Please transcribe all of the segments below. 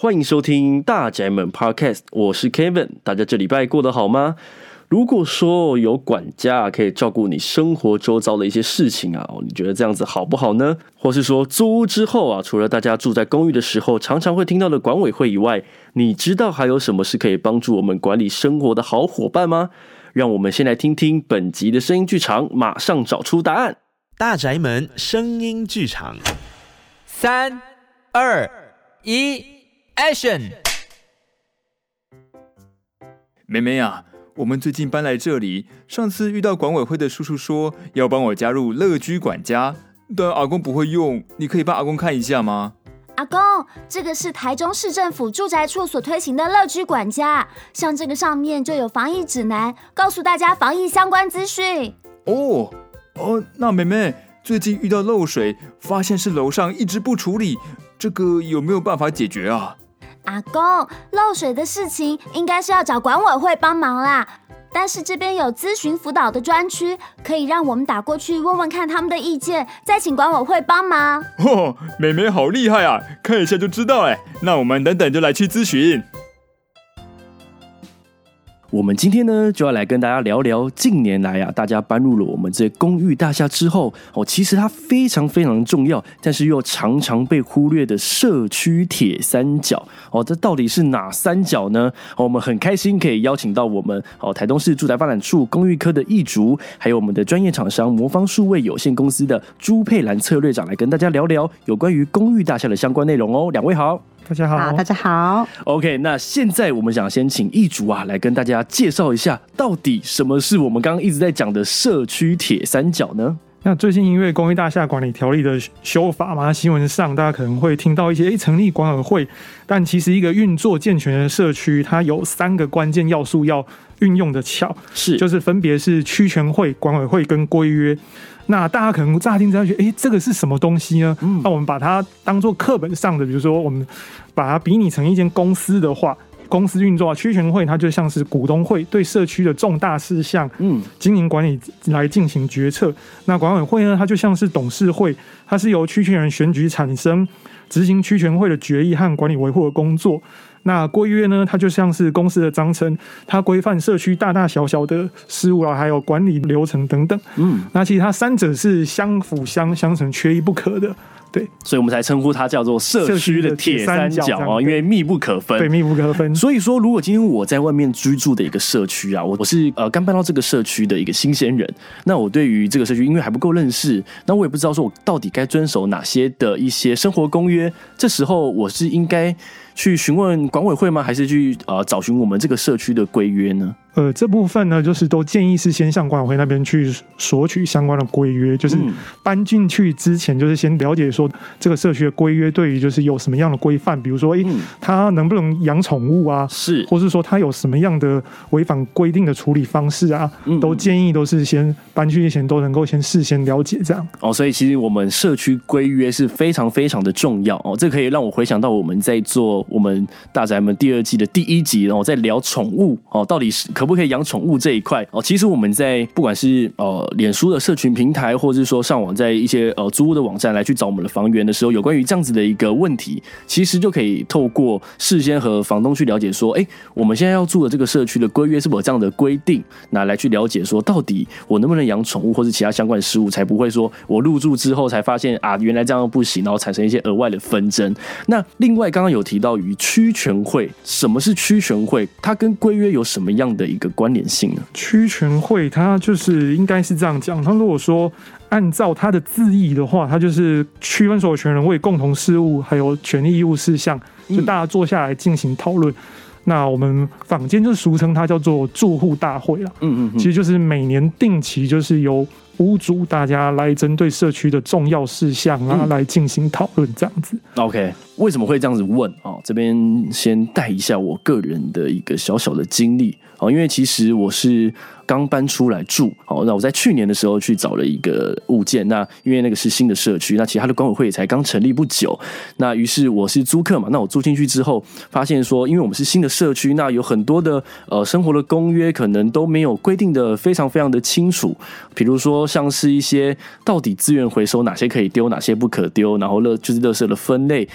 歡迎收聽《大宅們》Podcast，我是 Kevin。大家這禮拜過得好嗎？如果說有管家可以照顧你生活周遭的一些事情啊，你覺得這樣子好不好呢？或是說租屋之後啊，除了大家住在公寓的時候常常會聽到的管委會以外，你知道還有什麼是可以幫助我們管理生活的好伙伴嗎？讓我們先來聽聽本集的聲音劇場，馬上找出答案。大宅們聲音劇場，三、二、一。妹妹啊，我們最近搬來這裡，上次遇到管委會的叔叔說要幫我加入樂居管家，但阿公不會用，你可以幫阿公看一下嗎？阿公，這個是台中市政府住宅處所推行的樂居管家，像這個上面就有防疫指南，告訴大家防疫相關資訊。哦哦，呃，那妹妹最近遇到漏水，發現是樓上一直不處理，這個有沒有辦法解決啊？阿公，漏水的事情應該是要找管委會幫忙啦。但是這邊有諮詢輔導的專區，可以讓我們打過去問問看他們的意見，再請管委會幫忙。哦，美美好厲害啊，看一下就知道哎。那我們等等就來去諮詢。我們今天呢，就要來跟大家聊聊近年來啊，大家搬入了我們這公寓大廈之後，哦，其實它非常非常重要，但是又常常被忽略的社區鐵三角哦，這到底是哪三角呢？哦，我們很開心可以邀請到我們哦台中市住宅發展處公寓科的易竹，還有我們的專業廠商魔方數位有限公司的朱佩蘭策略長來跟大家聊聊有關於公寓大廈的相關內容哦。兩位好。大家好，好，大家好。OK，那現在我們想先請一組啊，來跟大家介紹一下，到底什麼是我們剛剛一直在講的社區鐵三角呢？那最近因為《公寓大廈管理條例》的修法嘛，新聞上大家可能會聽到一些哎、欸，成立管委會，但其實一個運作健全的社區，它有三個關鍵要素要運用的巧，是，就是分別是區權會、管委會跟規約。那大家可能乍聽之下覺得，哎、欸，這個是什麼東西呢？嗯、那我們把它當做課本上的，比如說我們把它比擬成一間公司的話。公司運作啊，區權會它就像是股東會，對社區的重大事項、嗯經營管理來進行決策。那管委會呢，它就像是董事會，它是由區權人選舉產生，執行區權會的決議和管理維護的工作。那規約呢，它就像是公司的章程，它規範社區大大小小的事務啊，還有管理流程等等。嗯，那其實它三者是相輔相相成，缺一不可的。對，所以我們才稱呼它叫做社區的鐵三角、三角啊，因為密不可分，對、對，密不可分。所以說，如果今天我在外面居住的一個社區啊，我我是呃剛搬到這個社區的一個新鮮人，那我對於這個社區因為還不夠認識，那我也不知道說我到底該遵守哪些的一些生活公約，這時候我是應該去詢問管委會嗎？還是去呃找尋我們這個社區的規約呢？呃，這部分呢，就是都建議是先向管委會那邊去索取相關的規約，就是搬進去之前，就是先了解說這個社區的規約對於就是有什麼樣的規範，比如說誒，他能不能養寵物啊？是，或是說他有什麼樣的違反規定的處理方式啊？嗯，都建議都是先搬進去之前都能夠先事先了解這樣。哦，所以其實我們社區規約是非常非常的重要哦，這可以讓我回想到我們在做我們大宅們第二季的第一集，然後在聊寵物哦，到底是。可不可以養寵物這一塊哦？其實我們在不管是呃臉書的社群平台，或者是說上網在一些呃租屋的網站來去找我們的房源的時候，有關於這樣子的一個問題，其實就可以透過事先和房東去了解說，哎、欸，我們現在要住的這個社區的規約是否有這樣的規定？那來去了解說，到底我能不能養寵物或是其他相關的事物，才不會說我入住之後才發現啊，原來這樣不行，然後產生一些額外的紛爭。那另外剛剛有提到與區權會，什麼是區權會？它跟規約有什麼樣的？一個關聯性呢？區權會，它就是應該是這樣講。它如果說按照它的字義的話，它就是區分所有權人為共同事務還有權利義務事項，就大家坐下來進行討論。嗯、那我們坊間就俗稱它叫做住戶大會了。嗯，嗯嗯，其實就是每年定期就是由屋主大家來針對社區的重要事項啊、嗯、來進行討論這樣子。OK。為什麼會這樣子問啊、哦？這邊先帶一下我個人的一個小小的經歷啊、哦，因為其實我是剛搬出來住，好、哦，那我在去年的時候去找了一個物件，那因為那個是新的社區，那其他的管委會也才剛成立不久，那於是我是租客嘛，那我租進去之後發現說，因為我們是新的社區，那有很多的呃生活的公約可能都沒有規定的非常非常的清楚，比如說像是一些到底資源回收哪些可以丟，哪些不可丟，然後垃就是垃圾的分類。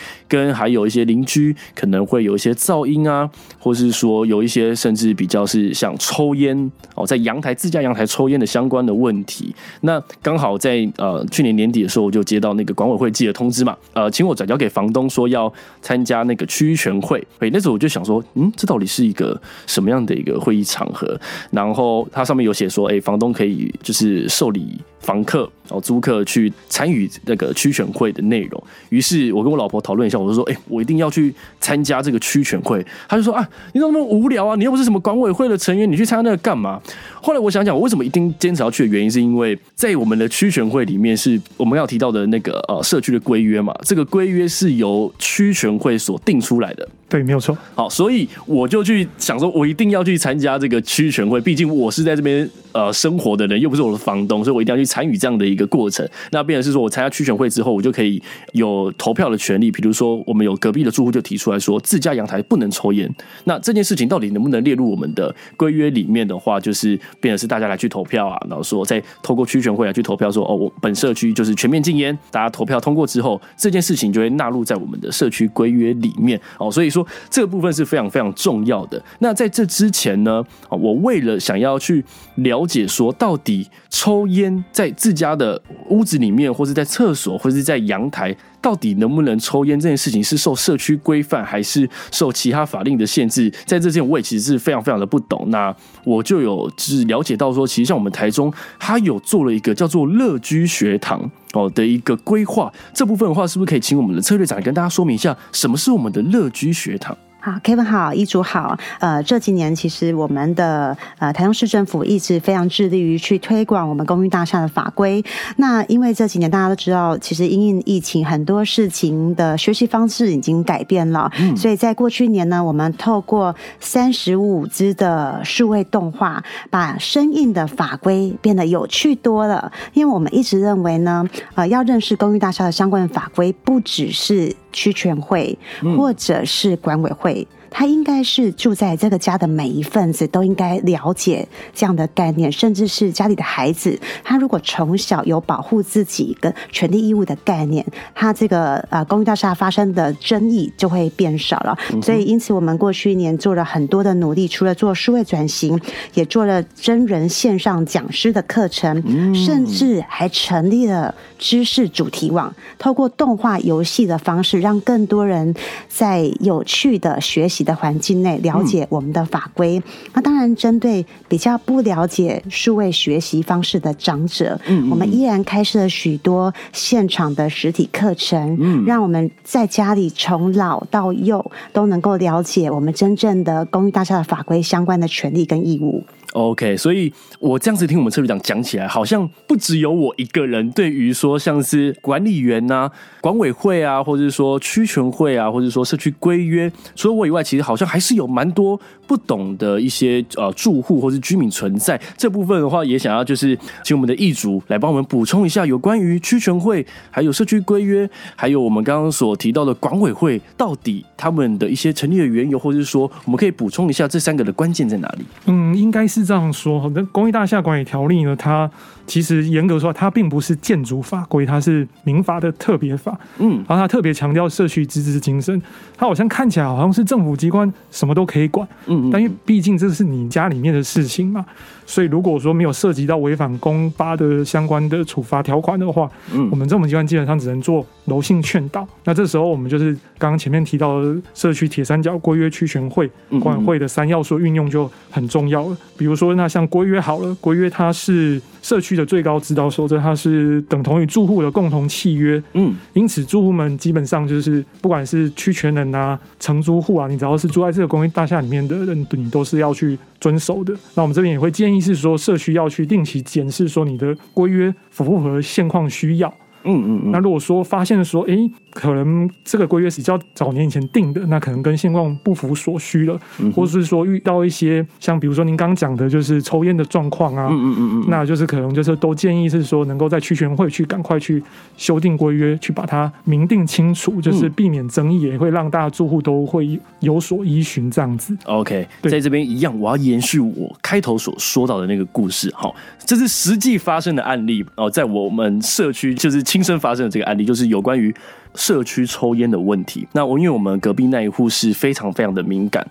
跟還有一些鄰居可能會有一些噪音啊，或是說有一些甚至比較是像抽菸哦，在陽台自家陽台抽菸的相關的問題。那剛好在呃去年年底的時候，我就接到那個管委會寄的通知嘛，呃，請我轉交給房東說要參加那個區權會。哎，那時候我就想說，嗯，這到底是一個什麼樣的一個會議場合？然後它上面有寫說，哎，房東可以就是受理。房客然後租客去參與那個區權會的內容。於是，我跟我老婆討論一下，我就說：“哎、欸，我一定要去參加這個區權會。”她就說：“啊，你怎麼那麼無聊啊？你又不是什麼管委會的成員，你去參加那個幹嘛？”後來我想想，我為什麼一定堅持要去的原因，是因為在我們的區權會裡面，是我們要提到的那個呃社區的規約嘛。這個規約是由區權會所定出來的。對，沒有錯。好，所以我就去想說，我一定要去參加這個區權會，畢竟我是在這邊呃生活的人，又不是我的房東，所以我一定要去參與這樣的一個過程。那變成是說，我參加區權會之後，我就可以有投票的權利。比如說，我們有隔壁的住戶就提出來說，自家陽台不能抽菸。那這件事情到底能不能列入我們的規約裡面的話，就是變成是大家來去投票啊，然後說再透過區權會來去投票說，哦，我本社區就是全面禁菸。大家投票通過之後，這件事情就會納入在我們的社區規約裡面哦，所以。說這個部分是非常非常重要的。那在這之前呢，我為了想要去了解說，到底抽菸在自家的屋子裡面，或是在廁所，或是在陽台，到底能不能抽菸這件事情是受社區規範還是受其他法令的限制？在這件我也其實是非常非常的不懂。那我就有只了解到說，其實像我們台中，它有做了一個叫做樂居學堂哦的一個規劃。這部分的話，是不是可以請我們的策略長跟大家說明一下，什麼是我們的樂居學堂？好，Kevin 好，業主好。呃，這幾年其實我們的呃台中市政府一直非常致力於去推廣我們公寓大廈的法規。那因為這幾年大家都知道，其實因應疫情，很多事情的學習方式已經改變了。嗯、所以在過去一年呢，我們透過三十五支的數位動畫，把生硬的法規變得有趣多了。因為我們一直認為呢，呃，要認識公寓大廈的相關法規，不只是，區權會，或者是管委會。嗯，他應該是住在這個家的每一份子都應該了解這樣的概念，甚至是家裡的孩子。他如果從小有保護自己跟權利義務的概念，他這個呃公寓大廈發生的爭議就會變少了。嗯、哼所以，因此我們過去一年做了很多的努力，除了做數位轉型，也做了真人線上講師的課程，嗯、甚至還成立了知識主題網，透過動畫遊戲的方式，讓更多人在有趣的學習。的環境內了解我們的法規，那、嗯、當然針對比較不了解數位學習方式的長者，嗯，嗯，嗯，我們依然開設了許多現場的實體課程，嗯，嗯，讓我們在家裡從老到幼都能夠了解我們真正的公寓大廈的法規相關的權利跟義務。OK，所以我這樣子聽我們車主長講起來，好像不只有我一個人對於說像是管理員吶、啊、管委會啊，或者是說區權會啊，或者說社區規約，除了我以外，其實好像還是有蠻多不懂的一些呃住戶或是居民存在。這部分的話，也想要就是請我們的業主來幫我們補充一下有關於區權會、還有社區規約，還有我們剛剛所提到的管委會，到底他們的一些成立的緣由，或者是說我們可以補充一下這三個的關鍵在哪裡？嗯，應該是。這樣說，那《公寓大廈管理條例》呢？它。其實嚴格說，它並不是建築法規，它是民法的特別法。嗯，然後它特別強調社區自治精神。它好像看起來好像是政府機關什麼都可以管，嗯，嗯，但因為畢竟這是你家裡面的事情嘛，所以如果說沒有涉及到違反公法的相關的處罰條款的話，嗯，我們政府機關基本上只能做柔性勸導。那這時候我們就是剛剛前面提到的社區鐵三角規約、區權會、管會的三要素運用就很重要了。嗯嗯，比如說，那像規約好了，規約它是。社區的最高指導守則，它是等同於住戶的共同契約。嗯、因此住戶們基本上就是，不管是區權人啊、承租戶啊，你只要是住在這個公寓大廈裡面的人，你都是要去遵守的。那我們這邊也會建議是說，社區要去定期檢視說你的規約符不符合現況需要。嗯嗯,嗯那如果說發現說，哎、欸。可能這個規約是比較早年以前定的，那可能跟現況不符所需了，嗯、哼或者是說遇到一些像比如說您剛剛講的，就是抽菸的狀況啊，嗯嗯嗯嗯，那就是可能就是都建議是說能夠在區權會去趕快去修訂規約，去把它明定清楚，就是避免爭議，也會讓大家住戶都會有所依循這樣子。嗯、對 OK，在這邊一樣，我要延續我開頭所說到的那個故事，好，這是實際發生的案例哦，在我們社區就是親身發生的這個案例，就是有關於。社區抽菸的問題，那我因為我們隔壁那一戶是非常非常的敏感。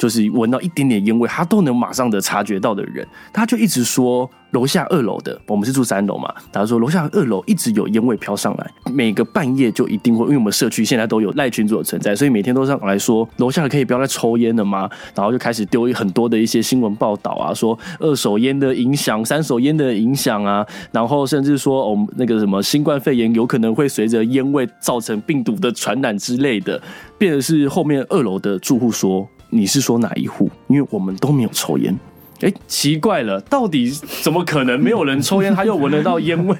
就是聞到一點點烟味，他都能馬上的察覺到的人，他就一直說樓下二樓的，我們是住三樓嘛，他說樓下二樓一直有烟味飄上來，每個半夜就一定會，因為我們社區現在都有賴群組的存在，所以每天都上來說樓下可以不要再抽菸了嗎？然後就開始丟很多的一些新聞報道啊，說二手烟的影響、三手烟的影響啊，然後甚至說我們、哦、那個什麼新冠肺炎有可能會隨着菸味造成病毒的傳染之類的，變的是後面二樓的住戶說。你是說哪一戶？因為我們都沒有抽煙，哎、欸，奇怪了，到底怎麼可能沒有人抽煙，他又聞得到煙味？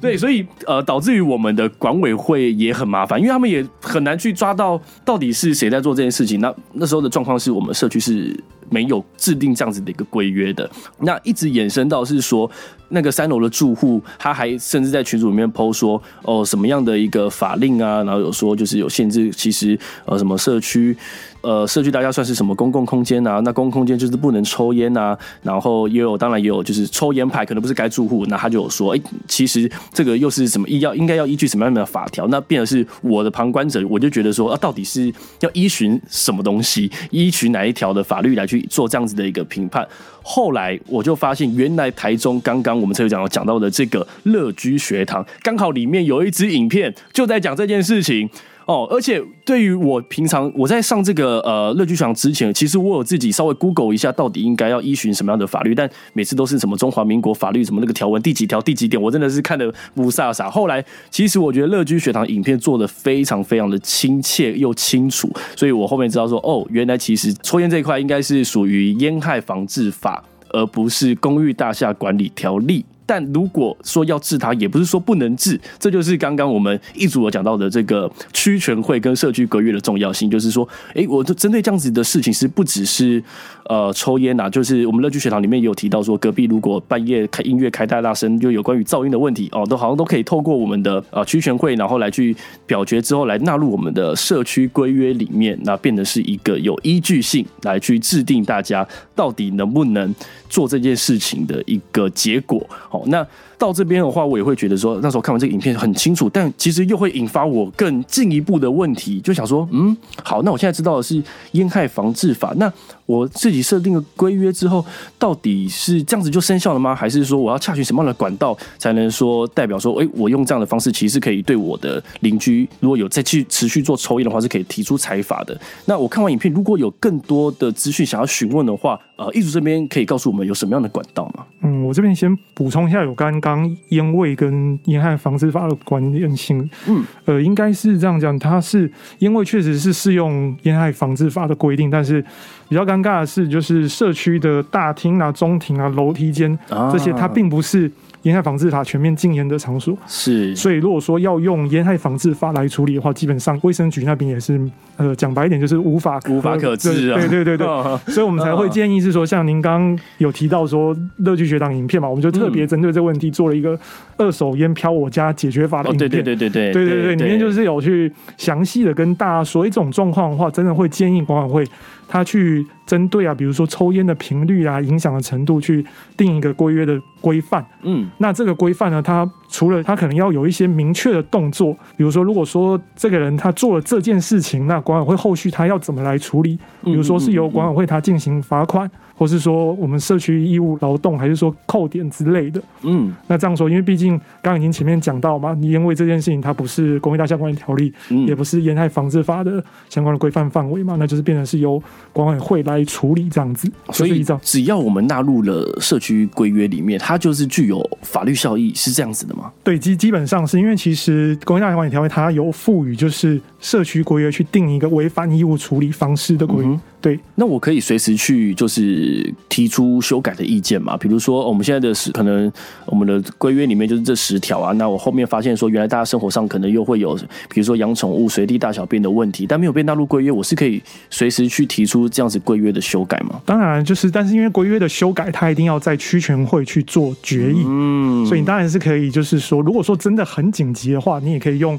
對，所以呃，導致於我們的管委會也很麻煩，因為他們也很難去抓到到底是誰在做這件事情。那那時候的狀況是我們社區是。沒有制定這樣子的一個規約的，那一直衍生到是說，那個三樓的住戶，他還甚至在群組裡面 PO 說，哦，什麼樣的一個法令啊？然後有說就是有限制，其實呃，什麼社區，呃，社區大家算是什麼公共空間啊？那公共空間就是不能抽菸啊。然後也有，當然也有就是抽菸派，可能不是該住戶，那他就有說，哎，其實這個又是什麼？醫藥應該要依據什麼樣的法條？那變成是我的旁觀者，我就覺得說啊，到底是要依循什麼東西？依循哪一條的法律來去，做這樣子的一個評判，後來我就發現，原來台中剛剛我們才有講到講到的這個樂居學堂，剛好裡面有一支影片，就在講這件事情。哦，而且對於我平常我在上這個呃樂居學堂之前，其實我有自己稍微 Google 一下到底應該要依循什麼樣的法律，但每次都是什麼中華民國法律什麼那個條文第幾條第幾點，我真的是看得霧煞煞。後來其實我覺得樂居學堂影片做得非常非常的親切又清楚，所以我後面知道說哦，原來其實抽煙這一塊應該是屬於菸害防制法，而不是公寓大廈管理條例。但如果說要治它，也不是說不能治，這就是剛剛我們一組有講到的這個區權會跟社區規約的重要性，就是說，哎，我就針對這樣子的事情是不只是呃抽菸呐、啊，就是我們樂居學堂裡面也有提到說，隔壁如果半夜開音樂開太大，大聲，就有關於噪音的問題哦，都好像都可以透過我們的啊、呃、區權會，然後來去表決之後，來納入我們的社區規約裡面，那變得是一個有依據性來去制定大家到底能不能做這件事情的一個結果。好，那到這邊的話，我也會覺得說，那時候看完這個影片很清楚，但其實又會引發我更進一步的問題，就想說，嗯，好，那我現在知道的是菸害防治法，那我自己設定了規約之後，到底是這樣子就生效了嗎？還是說我要查詢什麼樣的管道，才能說代表說，哎、欸，我用這樣的方式，其實可以對我的鄰居，如果有再去持續做抽菸的話，是可以提出裁罰的。那我看完影片，如果有更多的資訊想要詢問的話，呃，業主這邊可以告訴我們有什麼樣的管道嗎？嗯，我這邊先補充一下，有剛剛。防煙味跟煙害防制法的關聯性，嗯，呃，應該是這樣講，它是煙味確實是適用煙害防制法的規定，但是比較尷尬的是，就是社區的大廳啊、中庭啊、樓梯間這些，它並不是。菸害防治法全面禁菸的場所是，所以如果說要用菸害防治法來處理的話，基本上衛生局那邊也是，呃，講白一點就是無法無法可治啊。對對對對、對，哦、所以我們才會建議是說，像您剛剛有提到說樂居學堂影片嘛，我們就特別針對這個問題做了一個二手菸飄我家解決法的影片。哦、對對對對對對對、對，裡面就是有去詳細的跟大家說，一種狀況的話，真的會建議管委會。他去針對啊，比如說抽煙的頻率啊，影響的程度，去定一個規約的規範。嗯，那這個規範呢，他除了他可能要有一些明確的動作，比如說，如果說這個人他做了這件事情，那管委會後續他要怎麼來處理？嗯嗯嗯嗯，比如說是由管委會他進行罰款。或是說我們社區義務勞動，還是說扣點之類的？嗯，那這樣說，因為畢竟剛才已經前面講到嘛，因為這件事情它不是《公寓大廈管理條例》，嗯，也不是《災害防治法》的相關的規範範圍嘛，那就是變成是由管委會來處理這樣子。啊、所以，只要我們納入了社區規約裡面，它就是具有法律效益，是這樣子的嗎？對，基基本上是因為其實《公寓大廈管理條例》它有賦予就是社區規約去定一個違反義務處理方式的規約。嗯、哼對，那我可以隨時去就是。提出修改的意見嘛，比如說我們現在的十可能我們的規約裡面就是這十條啊，那我後面發現說原來大家生活上可能又會有，比如說養寵物隨地大小便的問題，但沒有被納入規約，我是可以隨時去提出這樣子規約的修改嘛？當然就是，但是因為規約的修改，它一定要在區權會去做決議，嗯，所以你當然是可以，就是說，如果說真的很緊急的話，你也可以用。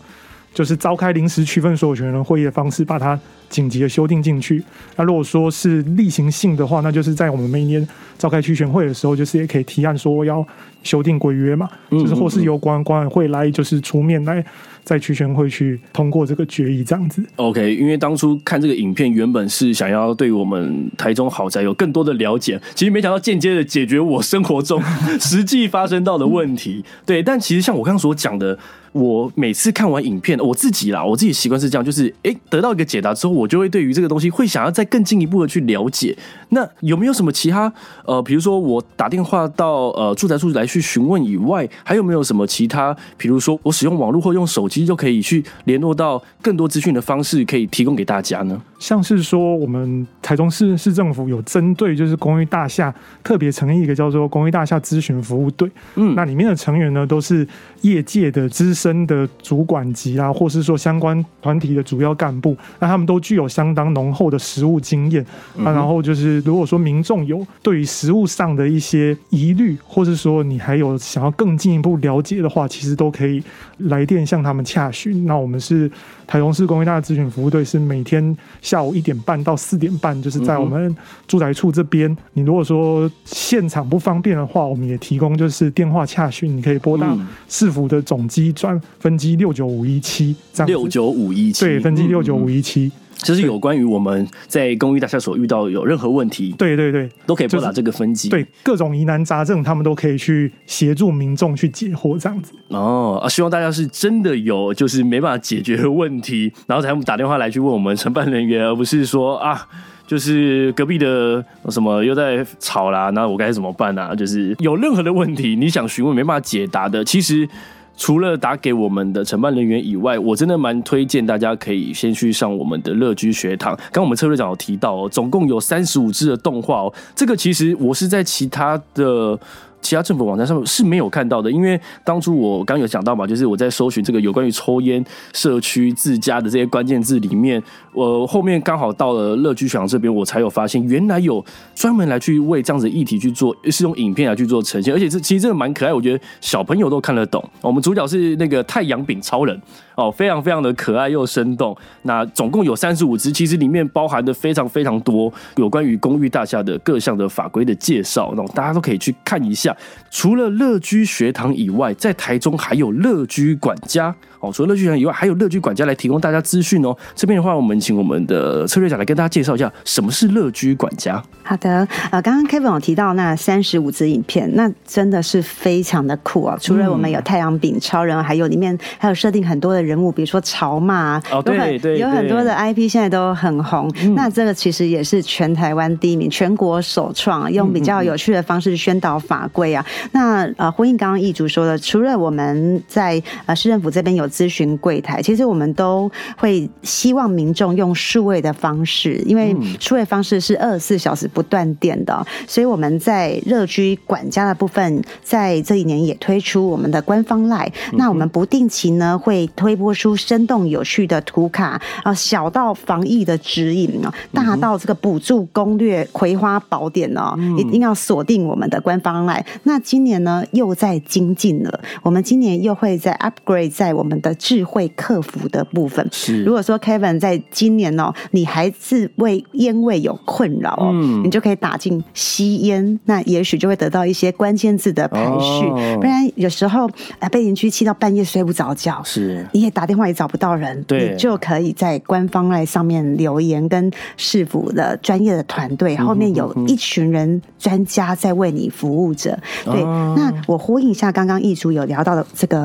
就是召開臨時區分所有權人會議的方式，把它緊急的修訂進去。那如果說是例行性的話，那就是在我們每一年召開區權會的時候，就是也可以提案說要修訂規約嘛，就是或是由管管委會來就是出面來。在區權會去通過這個決議，這樣子。OK，因為當初看這個影片，原本是想要對我們台中好宅有更多的了解，其實沒想到間接的解決我生活中實際發生到的問題。 對，但其實像我剛剛所講的，我每次看完影片，我自己啦，我自己習慣是這樣，就是誒得到一個解答之後，我就會對於這個東西會想要再更進一步的去了解。那有沒有什麼其他呃，比如說我打電話到呃住宅處來去詢問以外，還有沒有什麼其他，比如說我使用網絡或用手機。其實就可以去聯絡到更多資訊的方式，可以提供給大家呢？像是說，我們台中市市政府有針對，就是公寓大廈，特別成立一個叫做公寓大廈諮詢服務隊。嗯，那裡面的成員呢，都是業界的資深的主管級啊，或是說相關團體的主要幹部，那他們都具有相當濃厚的實務經驗、嗯、哼然後就是，如果說民眾有對於實務上的一些疑慮，或是說你還有想要更進一步了解的話，其實都可以來電向他們洽詢。那我們是台中市公寓大廈諮詢服務隊，是每天。下午一點半到四點半，就是在我們住宅處這邊。你如果說現場不方便的話，我們也提供就是電話洽詢，你可以撥打市府的總機專分機六九五一七。這樣子，六九五一七對，分機六九五一七。其實有關於我們在公寓大廈所遇到有任何問題，對對對，都可以撥打這個分機，就是。對各種疑難雜症，他們都可以去協助民眾去解惑，這樣子。哦，啊，希望大家是真的有就是沒辦法解決的問題，然後才打電話來去問我們承辦人員，而不是說啊，就是隔壁的什麼又在吵啦，那我該怎麼辦啊？就是有任何的問題，你想詢問沒辦法解答的，其實。除了打給我們的承辦人員以外，我真的蠻推薦大家可以先去上我們的樂居學堂。剛剛我們車隊長有提到哦，總共有三十五支的動畫哦。這個其實我是在其他的，其他政府網站上面是沒有看到的，因為當初我剛有講到嘛，就是我在搜尋這個有關於抽菸社區自家的這些關鍵字裡面，我後面剛好到了樂居學堂這邊，我才有發現原來有專門來去為這樣子議題去做，是用影片來去做呈現，而且這其實真的蠻可愛，我覺得小朋友都看得懂。我們主角是那個太陽餅超人。哦，非常非常的可愛又生動。那總共有三十五支，其實裡面包含的非常非常多有關於公寓大廈的各項的法規的介紹，那大家都可以去看一下。除了樂居學堂以外，在台中還有樂居管家。哦，除了樂居學堂以外，還有樂居管家來提供大家資訊哦。這邊的話，我們請我們的策略長來跟大家介紹一下什麼是樂居管家。好的，呃，剛剛 Kevin 有提到那三十五支影片，那真的是非常的酷啊、喔。除了我們有太陽餅、超人，還有裡面還有設定很多的。人物，比如說潮罵啊，有很有很多的 IP 現在都很紅。哦、那這個其實也是全台灣第一名，全國首創用比較有趣的方式宣導法規啊。嗯嗯、那呃，呼應剛剛譯竹說的，除了我們在呃市政府這邊有諮詢櫃台，其實我們都會希望民眾用數位的方式，因為數位方式是二十四小時不斷電的，所以我們在樂居管家的部分，在這一年也推出我們的官方 LINE 那我們不定期呢會推。播出生動有趣的圖卡啊，小到防疫的指引哦，大到這個補助攻略、葵花寶典哦，一定要鎖定我們的官方 LINE。嗯、那今年呢，又在精進了，我們今年又會在 upgrade 在我們的智慧客服的部分。是 如果說 Kevin 在今年哦，你還是為煙味有困擾哦，嗯、你就可以打進吸煙，那也許就會得到一些關鍵字的排序。不然、哦、有時候啊，被鄰居氣到半夜睡不着覺，是你也打電話也找不到人，對，就可以在官方來上面留言，跟市府的專業的團隊後面有一群人專家在為你服務着。對，嗯、那我呼應一下剛剛易主有聊到的這個，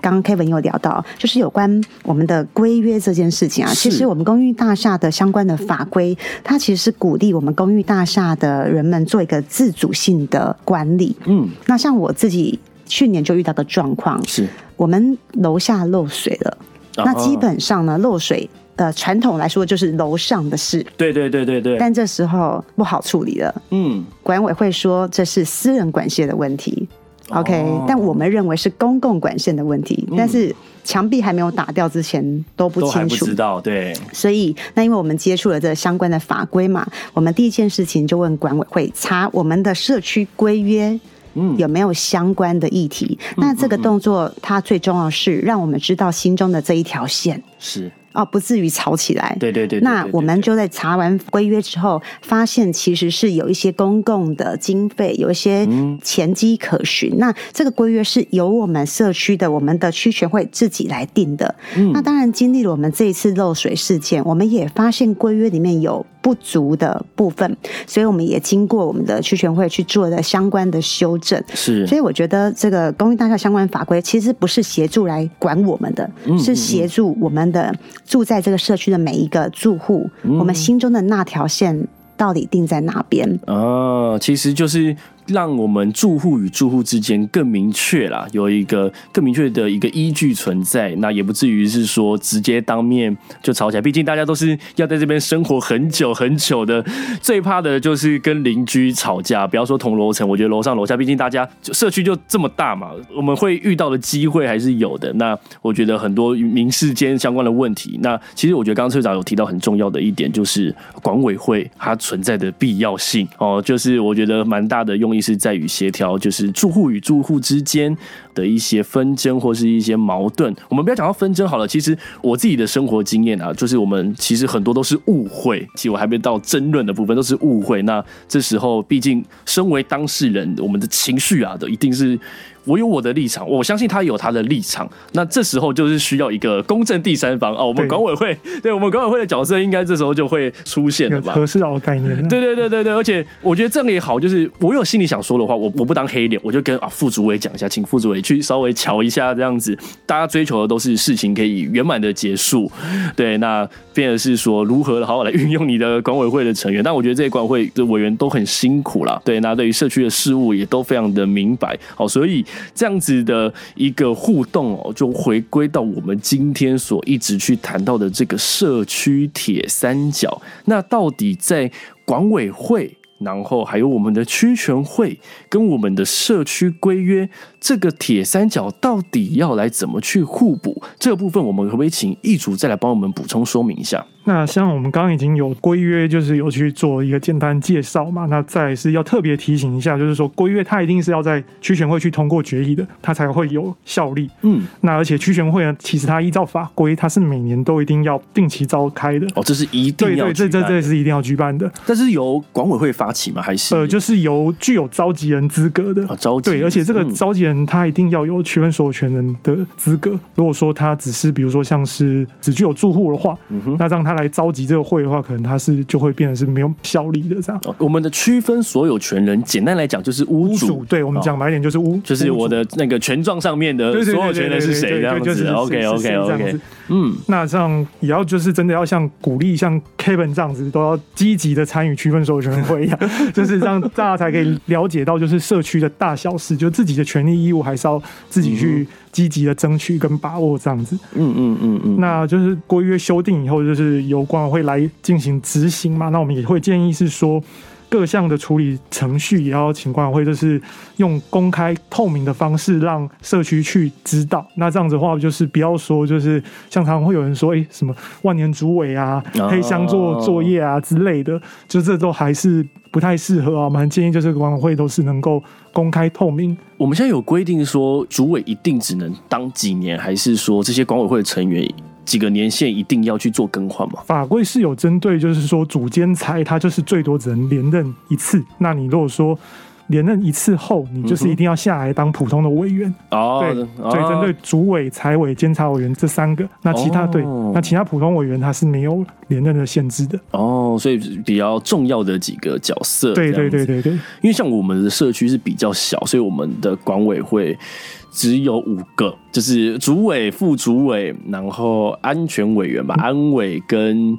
剛剛 Kevin 有聊到，就是有關我們的規約這件事情啊。是其實我們公寓大廈的相關的法規，它其實是鼓勵我們公寓大廈的人們做一個自主性的管理。嗯，那像我自己去年就遇到的狀況是。我們樓下漏水了，Oh. 那基本上呢，漏水呃，傳統來說就是樓上的事。對對對對對。但這時候不好處理了。嗯。管委會說這是私人管線的問題。Oh.，OK。但我們認為是公共管線的問題。嗯。但是牆壁還沒有打掉之前都不清楚，知道對。所以那因為我們接觸了這相關的法規嘛，我們第一件事情就問管委會查我們的社區規約。嗯，有沒有相關的議題？嗯、那這個動作，它最重要是讓我們知道心中的這一條線是。哦，不至於吵起來。對對對，對。那我們就在查完規約之後，發現其實是有一些公共的經費，有一些前機可循。嗯、那這個規約是由我們社區的我們的區權會自己來定的。嗯、那當然，經歷了我們這一次漏水事件，我們也發現規約裡面有不足的部分，所以我們也經過我們的區權會去做了相關的修正。是。所以我覺得這個公寓大廈相關法規其實不是協助來管我們的，嗯嗯嗯是協助我們的。住在這個社區的每一個住戶，嗯、我們心中的那條線到底定在哪邊啊？哦，其實就是。讓我們住戶與住戶之間更明確啦，有一個更明確的一個依據存在，那也不至於是說直接當面就吵起來。畢竟大家都是要在這邊生活很久很久的，最怕的就是跟鄰居吵架。不要說同樓層，我覺得樓上樓下，畢竟大家社區就這麼大嘛，我們會遇到的機會還是有的。那我覺得很多與民事間相關的問題，那其實我覺得剛剛村長有提到很重要的一點，就是管委會它存在的必要性哦，就是我覺得蠻大的用意，是在於協調，就是住戶與住戶之間的一些紛爭或是一些矛盾。我們不要講到紛爭好了，其實我自己的生活經驗啊，就是我們其實很多都是誤會。其實我還沒到爭論的部分，都是誤會。那這時候，畢竟身為當事人，我們的情緒啊都一定是。我有我的立場，我相信他有他的立場。那這時候就是需要一個公正第三方啊對、哦。我們管委會對我們管委會的角色，應該這時候就會出現了吧？合適的我概念。對對對對對，而且我覺得這樣也好，就是我有心裡想說的話，我我不當黑臉，我就跟啊副主委講一下，請副主委去稍微瞧一下，這樣子大家追求的都是事情可以圓滿的結束。對，那變的是說如何好好來運用你的管委會的成員。但我覺得這些管委會的委員都很辛苦啦。對，那對於社區的事務也都非常的明白。好，所以。這樣子的一個互動哦，就回歸到我們今天所一直去談到的這個社區鐵三角。那到底在管委會，然後還有我們的區權會跟我們的社區規約，這個鐵三角到底要來怎麼去互補？這個部分，我們可不可以請一組再來幫我們補充說明一下？那像我們剛剛已經有規約，就是有去做一個簡單介紹嘛。那再是要特別提醒一下，就是說規約它一定是要在區權會去通過決議的，它才會有效力。嗯。那而且區權會呢，其實它依照法規，它是每年都一定要定期召開的。哦，這是一定要，對對，這這這是一定要舉辦的。但是由管委會發起嗎？還是呃，就是由具有召集人資格的、啊、召集人對，而且這個召集人他一定要有區分所有權人的資格。嗯、如果說他只是比如說像是只具有住戶的話，嗯哼那讓他。來召集這個會的話，可能他是就會變得是沒有效力的這樣。我們的區分所有權人，簡單來講就是屋主，對，我們講白一點就是屋，就是我的那個權狀上面的所有權人是誰這樣子，就是 OK OK OK，嗯，那這樣也要就是真的要像鼓勵像 Kevin 這樣子，都要積極的參與區分所有權人會一樣，就是讓大家才可以了解到，就是社區的大小事，就自己的權利義務還是要自己去。積極的爭取跟把握這樣子，嗯嗯嗯嗯，嗯嗯，那就是規約修訂以後，就是由管委會來進行執行嘛。那我們也會建議是說，各項的處理程序也要請管委會，就是用公開透明的方式讓社區去知道。那這樣子的話，就是不要說就是像常會有人說，誒、欸，什麼萬年主委啊，啊黑箱做作業啊之類的，就這都還是不太適合、啊。我們很建議就是管委會都是能夠。公開透明，我們現在有規定說，主委一定只能當幾年，還是說這些管委會的成員幾個年限一定要去做更換嗎？法規是有針對，就是說主監財他就是最多只能連任一次。那你如果說。連任一次後，你就是一定要下來當普通的委員、嗯、哼對哦。對，所以針對主委、財委、監察委員這三個，那其他、哦、對，那其他普通委員他是沒有連任的限制的哦。所以比較重要的幾個角色，對，對對對對對，因為像我們的社區是比較小，所以我們的管委會只有五個，就是主委、副主委，然後安全委員吧，嗯、安委跟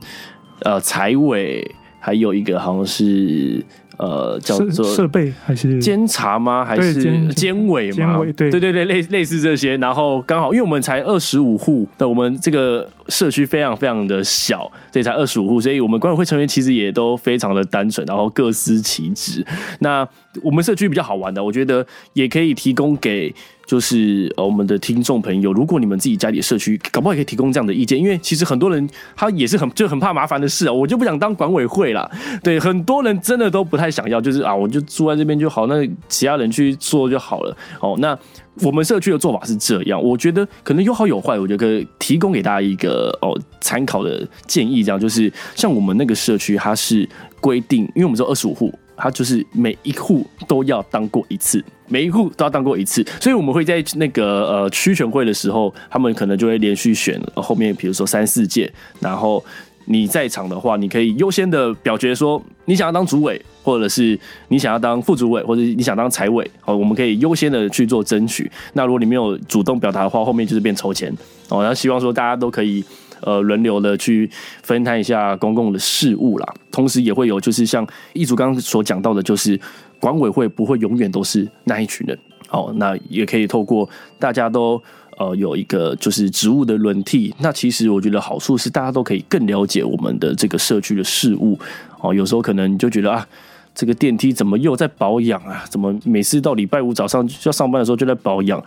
呃財委，還有一個好像是。呃，叫做設備還是監察嗎？還是監委嗎？監委，對，對對對，類類似這些。然後剛好，因為我們才二十五戶，對我們這個。社區非常非常的小，所以才二十五戶，所以我們管委會成員其實也都非常的單純，然後各司其職。那我們社區比較好玩的，我覺得也可以提供給就是呃我們的聽眾朋友，如果你們自己家裡的社區，搞不好也可以提供這樣的意見，因為其實很多人他也是很就很怕麻煩的事啊、喔，我就不想當管委會了。對，很多人真的都不太想要，就是啊我就住在這邊就好，那其他人去做就好了。哦，那。我們社區的做法是這樣，我覺得可能有好有壞，我覺得可以提供給大家一個哦參考的建議，這樣就是像我們那個社區，它是規定，因為我們只有二十五戶，它就是每一戶都要當過一次，每一戶都要當過一次，所以我們會在那個呃區權會的時候，他們可能就會連續選、呃、後面，比如說三四屆，然後。你在場的話，你可以優先的表決說，你想要當主委，或者是你想要當副主委，或者你想當財委，好，我們可以優先的去做爭取。那如果你沒有主動表達的話，後面就是變抽籤哦。然後希望說大家都可以呃輪流的去分攤一下公共的事務啦。同時也會有就是像一組剛剛所講到的，就是管委會不會永遠都是那一群人哦。那也可以透過大家都。呃，有一個就是職務的輪替，那其實我覺得好處是大家都可以更了解我們的這個社區的事務。哦，有時候可能你就覺得啊，這個電梯怎麼又在保養啊？怎麼每次到禮拜五早上就要上班的時候就在保養？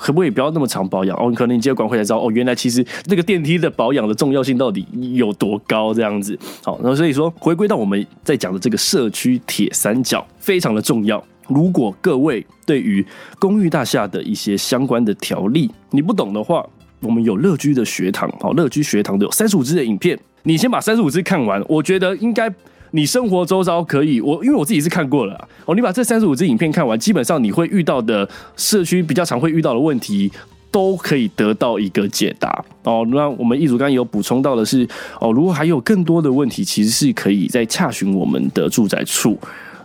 可不可以不要那麼常保養？哦，可能你接管會才知道哦，原來其實那個電梯的保養的重要性到底有多高？這樣子，好，哦，那所以說回歸到我們在講的這個社區鐵三角，非常的重要。如果各位對於公寓大廈的一些相關的條例，你不懂的話，我們有樂居的學堂，好，樂居學堂都有三十五支的影片，你先把三十五支看完，我覺得應該你生活周遭可以，我因為我自己是看過了哦，你把這三十五支影片看完，基本上你會遇到的社區比較常會遇到的問題，都可以得到一個解答哦。那我們一組剛剛有補充到的是，哦，如果還有更多的問題，其實是可以再洽詢我們的住宅處。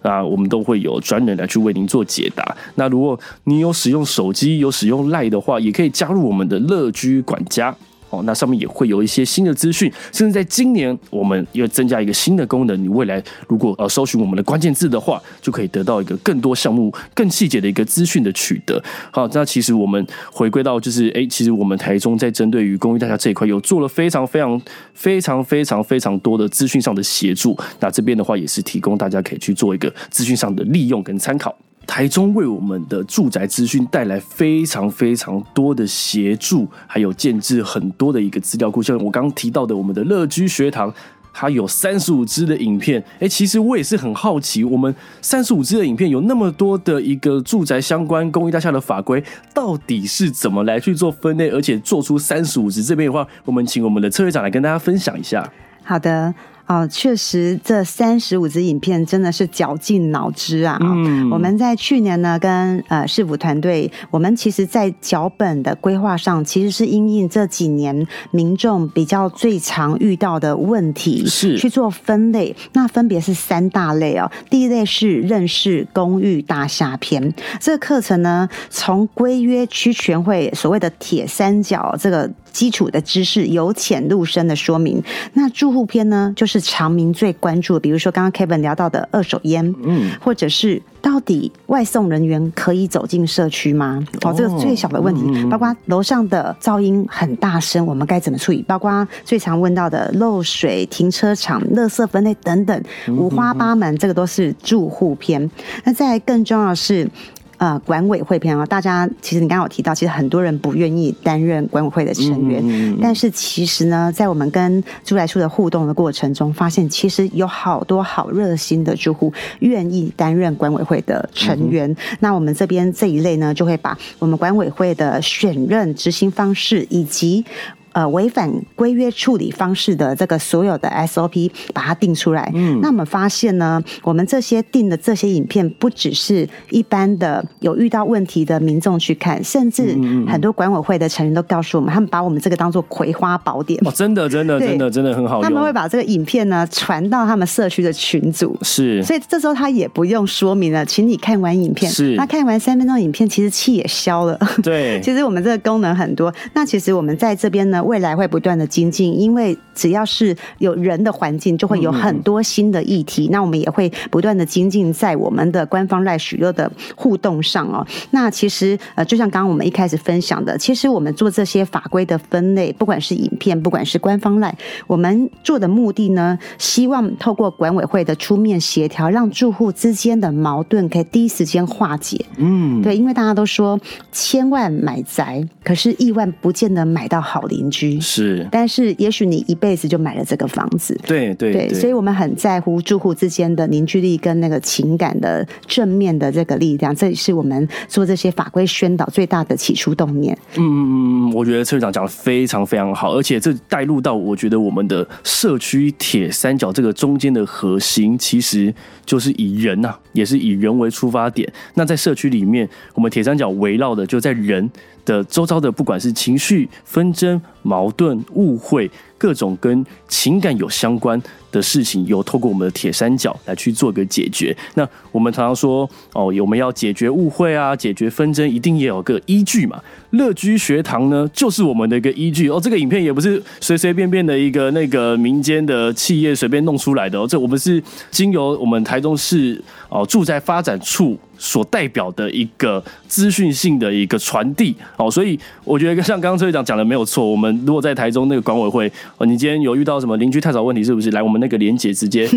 那我們都會有專人來去為您做解答。那如果你有使用手機，有使用 LINE 的話，也可以加入我們的樂居管家。哦，那上面也會有一些新的資訊，甚至在今年我們又增加一個新的功能。你未來如果呃搜尋我們的關鍵字的話，就可以得到一個更多項目、更細節的一個資訊的取得。好，那其實我們回歸到就是，誒，其實我們台中在針對於公寓大廈這一塊有做了非常非常非常非常非常多的資訊上的協助。那這邊的話也是提供大家可以去做一個資訊上的利用跟參考。台中為我們的住宅資訊帶來非常非常多的協助，還有建置很多的一個資料庫，像我剛剛提到的，我們的樂居學堂，它有三十五支的影片。誒、欸，其實我也是很好奇，我們三十五支的影片有那麼多的一個住宅相關公寓大廈的法規，到底是怎麼來去做分類，而且做出三十五支？這邊的話，我們請我們的策略長來跟大家分享一下。好的。哦，確實，這三十五支影片真的是絞盡腦汁啊！嗯，我們在去年呢，跟呃市府團隊，我們其實，在腳本的規劃上，其實是因應這幾年民眾比較最常遇到的問題，是去做分類。那分別是三大類哦。第一類是認識公寓大廈篇，這個課程呢，從規約區權會、所謂的鐵三角這個。基礎的知識由淺入深的說明。那住戶篇呢，就是常民最關注的，比如說剛剛 Kevin 聊到的二手菸，嗯，或者是到底外送人員可以走進社區嗎？哦，哦，這個最小的問題，嗯嗯，包括樓上的噪音很大聲，我們該怎麼處理？包括最常問到的漏水、停車場、垃圾分類等等，五花八門，這個都是住戶篇。那再更重要的是，呃，管委會篇啊，大家其實你剛剛有提到，其實很多人不願意擔任管委會的成員，嗯嗯嗯嗯，但是其實呢，在我們跟朱來住的互動的過程中，發現其實有好多好熱心的住戶願意擔任管委會的成員。嗯、哼那我們這邊這一類呢，就會把我們管委會的選任執行方式以及，呃，違反規約處理方式的這個所有的 SOP，把它定出來。嗯，那我們發現呢，我們這些定的這些影片，不只是一般的有遇到問題的民眾去看，甚至很多管委會的成員都告訴我們，他們把我們這個當做葵花寶典。哦。真的，真的，真的，對真的很好用。他們會把這個影片呢傳到他們社區的群組。是。所以這時候他也不用說明了，請你看完影片。是。他看完三分鐘影片，其實氣也消了。對。 其實我們這個功能很多。那其實我們在這邊呢。未來會不斷的精進，因為只要是有人的環境，就會有很多新的議題。嗯、那我們也會不斷的精進在我們的官方 LINE 許多的互動上哦。那其實呃，就像剛剛我們一開始分享的，其實我們做這些法規的分類，不管是影片，不管是官方 LINE，我們做的目的呢，希望透過管委會的出面協調，讓住戶之間的矛盾可以第一時間化解。嗯，對，因為大家都說千萬買宅，可是億萬不見得買到好鄰。是，但是也許你一輩子就買了這個房子，對對對，對，所以我們很在乎住戶之間的凝聚力跟那個情感的正面的這個力量，這也是我們做這些法規宣導最大的起初動念。嗯，我覺得車長講的非常非常好，而且這帶入到我覺得我們的社區鐵三角這個中間的核心，其實就是以人吶、啊，也是以人為出發點。那在社區裡面，我們鐵三角圍繞的就在人。的周遭的，不管是情緒紛爭、矛盾、誤會。各種跟情感有相關的事情，有透過我們的鐵三角來去做一個解決。那我們常常說，哦，我們要解決誤會啊，解決紛爭，一定也有個依據嘛。樂居學堂呢，就是我們的一個依據。哦，這個影片也不是隨隨便便的一個那個民間的企業隨便弄出來的哦，這我們是經由我們台中市哦住宅發展處所代表的一個資訊性的一個傳遞。哦，所以我覺得像剛剛車隊長講的沒有錯，我們如果在台中那個管委會。哦，你今天有遇到什麼鄰居太少問題是不是？來，我們那個連結直接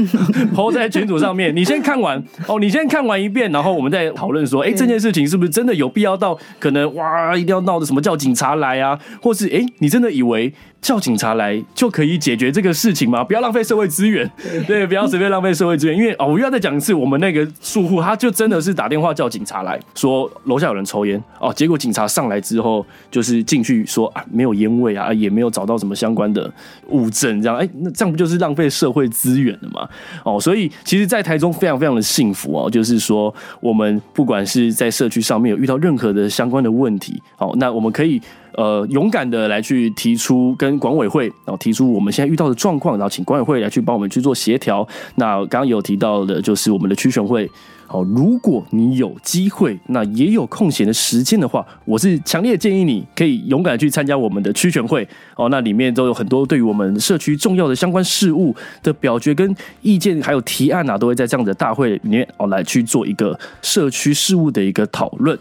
po 在群組上面。 你先看完哦，你先看完一遍，然後我們再討論說，哎 Okay.，這件事情是不是真的有必要到可能哇，一定要鬧的什麼叫警察來啊？或是哎，你真的以為？叫警察來就可以解決這個事情嗎？不要浪費社會資源，對，不要隨便浪費社會資源，因為哦，我又要再講一次，我們那個住戶他就真的是打電話叫警察來說，樓下有人抽煙哦，結果警察上來之後就是進去說，啊沒有煙味啊，也沒有找到什麼相關的物證，這樣誒，那這樣不就是浪費社會資源了嗎？哦，所以其實，在台中非常非常的幸福哦，就是說我們不管是在社區上面有遇到任何的相關的問題，好、哦，那我們可以。呃，勇敢的來去提出跟管委會，然後提出我們現在遇到的狀況，然後請管委會來去幫我們去做協調。那剛剛有提到的，就是我們的區權會。哦，如果你有機會，那也有空閒的時間的話，我是強烈建議你可以勇敢地去參加我們的區權會。哦，那裡面都有很多對於我們社區重要的相關事務的表決跟意見，還有提案啊，都會在這樣的大會裡面哦來去做一個社區事務的一個討論。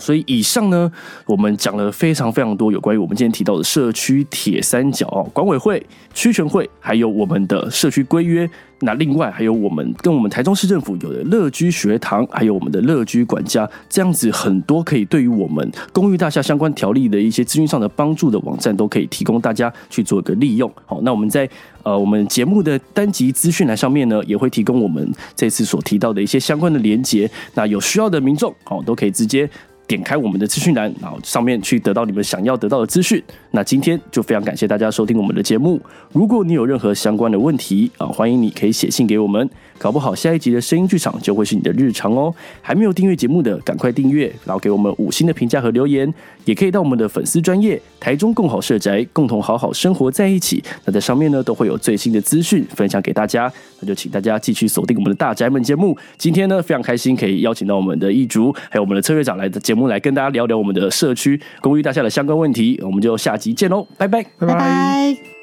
所以以上呢，我們講了非常非常多有關於我們今天提到的社區鐵三角哦，管委會、區權會，還有我們的社區規約。那另外還有我們跟我們台中市政府有的樂居學堂，還有我們的樂居管家，這樣子很多可以對於我們公寓大廈相關條例的一些資訊上的幫助的網站，都可以提供大家去做一個利用。好，那我們在呃我們節目的單集資訊欄上面呢，也會提供我們這次所提到的一些相關的連接。那有需要的民眾哦，都可以直接。點開我們的資訊欄，然後上面去得到你們想要得到的資訊。那今天就非常感謝大家收聽我們的節目。如果你有任何相關的問題啊，歡迎你可以寫信給我們。搞不好下一集的聲音劇場就會是你的日常哦。還沒有訂閱節目的，趕快訂閱，然後給我們五星的評價和留言。也可以到我們的粉絲專頁，台中共好社宅，共同好好生活在一起。那在上面呢，都會有最新的資訊分享給大家。那就請大家繼續鎖定我們的大宅們節目。今天呢，非常開心可以邀請到我們的藝竹還有我們的策略長來的節目。我們來跟大家聊聊我們的社區公寓大廈的相關問題，我們就下集見嘍，拜拜，拜拜。